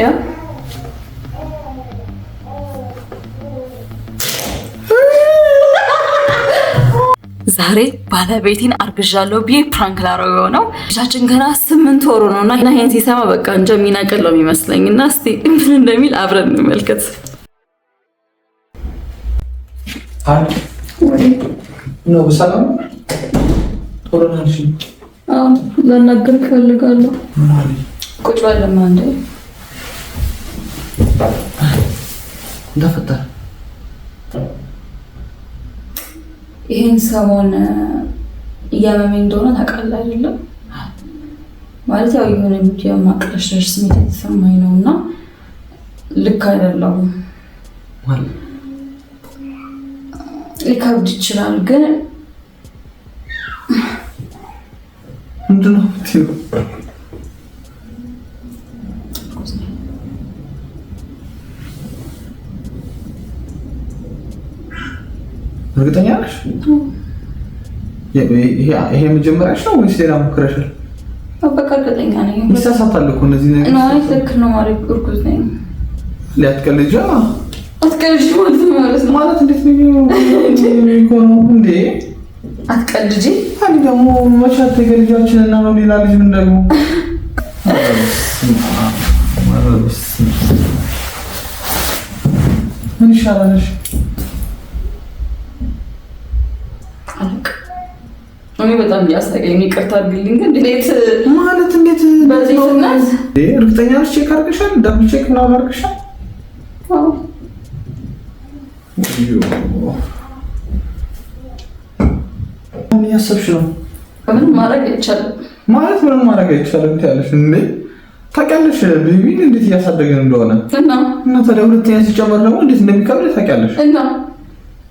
Ja. ዛሬ ባለቤቴን አርግዣለሁ ብዬ ፕራንክ ላረው የሆነው ልጃችን ገና ስምንት ወሩ ነው እና ይህን ሲሰማ በቃ እንጃ የሚነቅል ነው የሚመስለኝ እና እስቲ ምን እንደሚል አብረን እንመልከት። ለናገር እፈልጋለሁ። ቁጭ ባለማ እንደ እንደፈጠረ ይህን ሰሞን እያመመኝ እንደሆነ ታውቃለህ አይደለም? ማለት ያው የሆነ የማቅለሽለሽ ስሜት የተሰማኝ ነው እና ልክ አይደለሁም። ሊከብድ ይችላል ግን ምንድነው እርግጠኛ ነሽ? ይሄ መጀመሪያሽ ነው ወይስ ሌላ ሞክረሻል? በቃ እርግጠኛ ነኝ። ይሳሳታል እኮ እነዚህ ነገር ትክክል ነው ማለት እርጉዝ ነኝ። ማለት ነው እንዴ? አትቀልጂ ደግሞ እና ነው ሌላ ልጅ ምን ደግሞ ምን እኔ በጣም እያሳቀኝ ይቅርታ አድርግልኝ። ግን እንዴት ማለት እንዴት በዚህ ፍጥነት እርግጠኛ ነሽ? ቼክ አድርገሻል? ዳብል ቼክ ምናምን አድርገሻል? ምን እያሰብሽ ነው? ምን ማድረግ አይቻልም ማለት ምንም ማድረግ አይቻልም ትያለሽ እንዴ? ታውቂያለሽ ቤቢን እንዴት እያሳደግን እንደሆነ እና እና ታዲያ ሁለተኛ ሲጨመር ደግሞ እንዴት እንደሚከብድ ታውቂያለሽ እና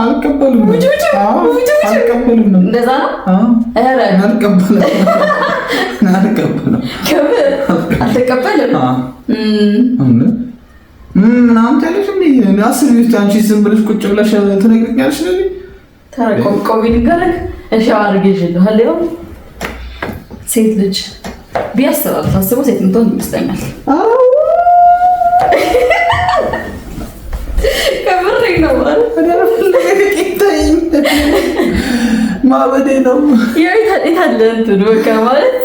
አልቀበልም አልቀበልም። እንደዛ ነው። አልተቀበልም ምናምን ታለሽ እንደ አስር ቤት አንቺ ዝም ብለሽ ቁጭ ብለሽ ትነግሪኛለሽ። ተረቆቆቢ ንገረህ እሺ አድርጌ ይችላል። ሴት ልጅ ቢያስተባብ ታስቦ ሴት ምትሆን ይመስለኛል። ማበዴ ነው። የታለ እንትን በቃ ማለት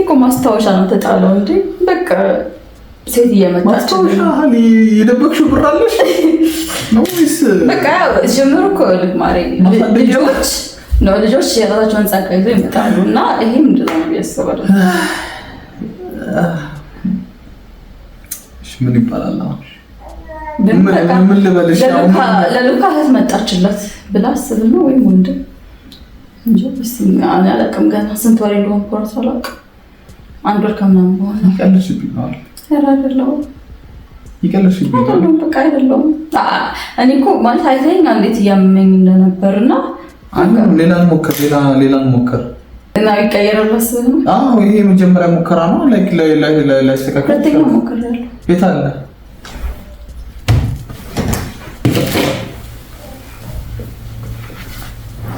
እኮ ማስታወሻ ነው። ተጣለው እንደ በቃ ሴት እየመጣች የደበቅሽው ብር አለሽ በቃ ጀምር እኮ ልማሬ ልጆች ነው ልጆች የራሳቸውን ጸጋ ይዞ ይመጣሉ። እና ይሄ ምንድን ነው ያስባሉ። ምን ይባላል? ምን ልበልሽ ለሉካ እህት መጣችለት ብላ አስብ ነው ወይም ወንድም እንጂ አላውቅም። ገና ስንት ወሬ እንደሆንኩ እራሱ አላውቅም። አንድ ወር ከምናምን በኋላ አይደለሁም፣ በቃ አይደለሁም። እኔ እኮ ማለት አይተኸኝ እንዴት እያመመኝ እንደነበር እና ሌላን ሞክር፣ ሌላን ሞክር እና ይቀየራል ይሄ መጀመሪያ ሙከራ ነው። ላይክ ላይ ላይ ላይ ላይ ተካከለ ሁለተኛ ሞክር ያለው የት አለ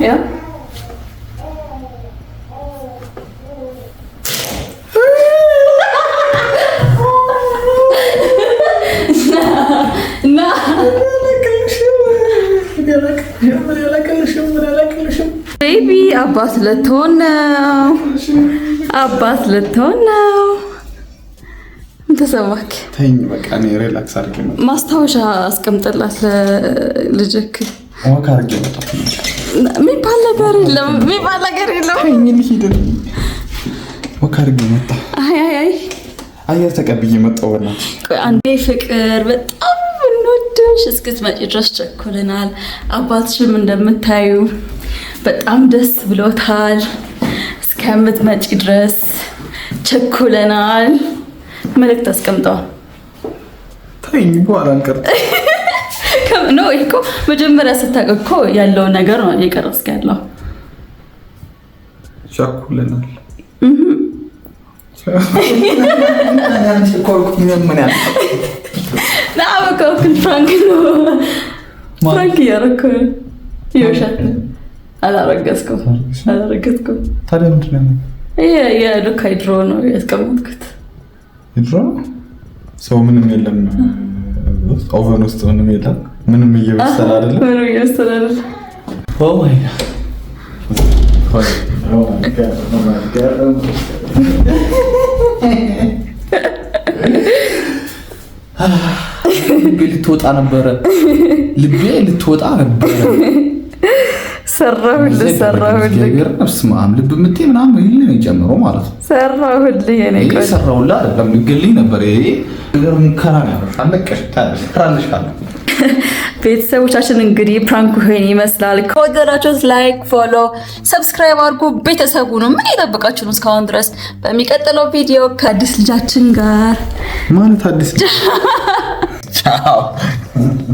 Yeah. ቤቢ አባት ልትሆን ነው። አባት ልትሆን ነው። ምን ተሰማክ? ተኝ በቃ እኔ ሪላክስ አድርጌ ነው። ማስታወሻ አስቀምጥላት ለልጅክ የሚባል ነገር የለም፣ የሚባል ነገር የለም። አየር ተቀብዬ መጣሁ። አንዴ ፍቅር በጣም እንወድሽ እስክትመጪ ድረስ ቸኩለናል። አባትሽም እንደምታዩ በጣም ደስ ብሎታል። እስከምትመጪ ድረስ ቸኩለናል። መልእክት አስቀምጠዋል። ተይኝ በኋላ ነው እኮ መጀመሪያ ስታውቅ እኮ ያለውን ነገር ነው እየቀረስክ ያለው። ቸኩለናል። ናበቃውክን ፍራንክ ነው ፍራንክ እያረኩ ይሻል። አላረገዝኩም አላረገዝኩም። ታዲያ ምንድን ነው የሉካ ድሮ ነው ያስቀመጥኩት። ድሮ ሰው ምንም የለም፣ ኦቨን ውስጥ ምንም የለም። ምንም እየበሰለ አይደለም። oh oh oh ልትወጣ ነበረ። ልቤ ልትወጣ ነበረ። ሰራሁልህ ሰራሁልህ። ነፍስ ማም ልብ ምቴ ምናምን ይል ጨምሮ ማለት ነው። ሰራሁልህ የኔ ቆይ ሰራሁልህ አይደለም ልገልኝ ነበር። ይሄ ነገር ሙከራ ነው። አለቀሽ ታለሽ ቤተሰቦቻችን እንግዲህ ፕራንክ ይሄን ይመስላል። ከወደዳችሁት ላይክ፣ ፎሎ፣ ሰብስክራይብ አድርጉ። ቤተሰቡ ነው ምን የጠበቃችሁ ነው እስካሁን ድረስ? በሚቀጥለው ቪዲዮ ከአዲስ ልጃችን ጋር ማለት አዲስ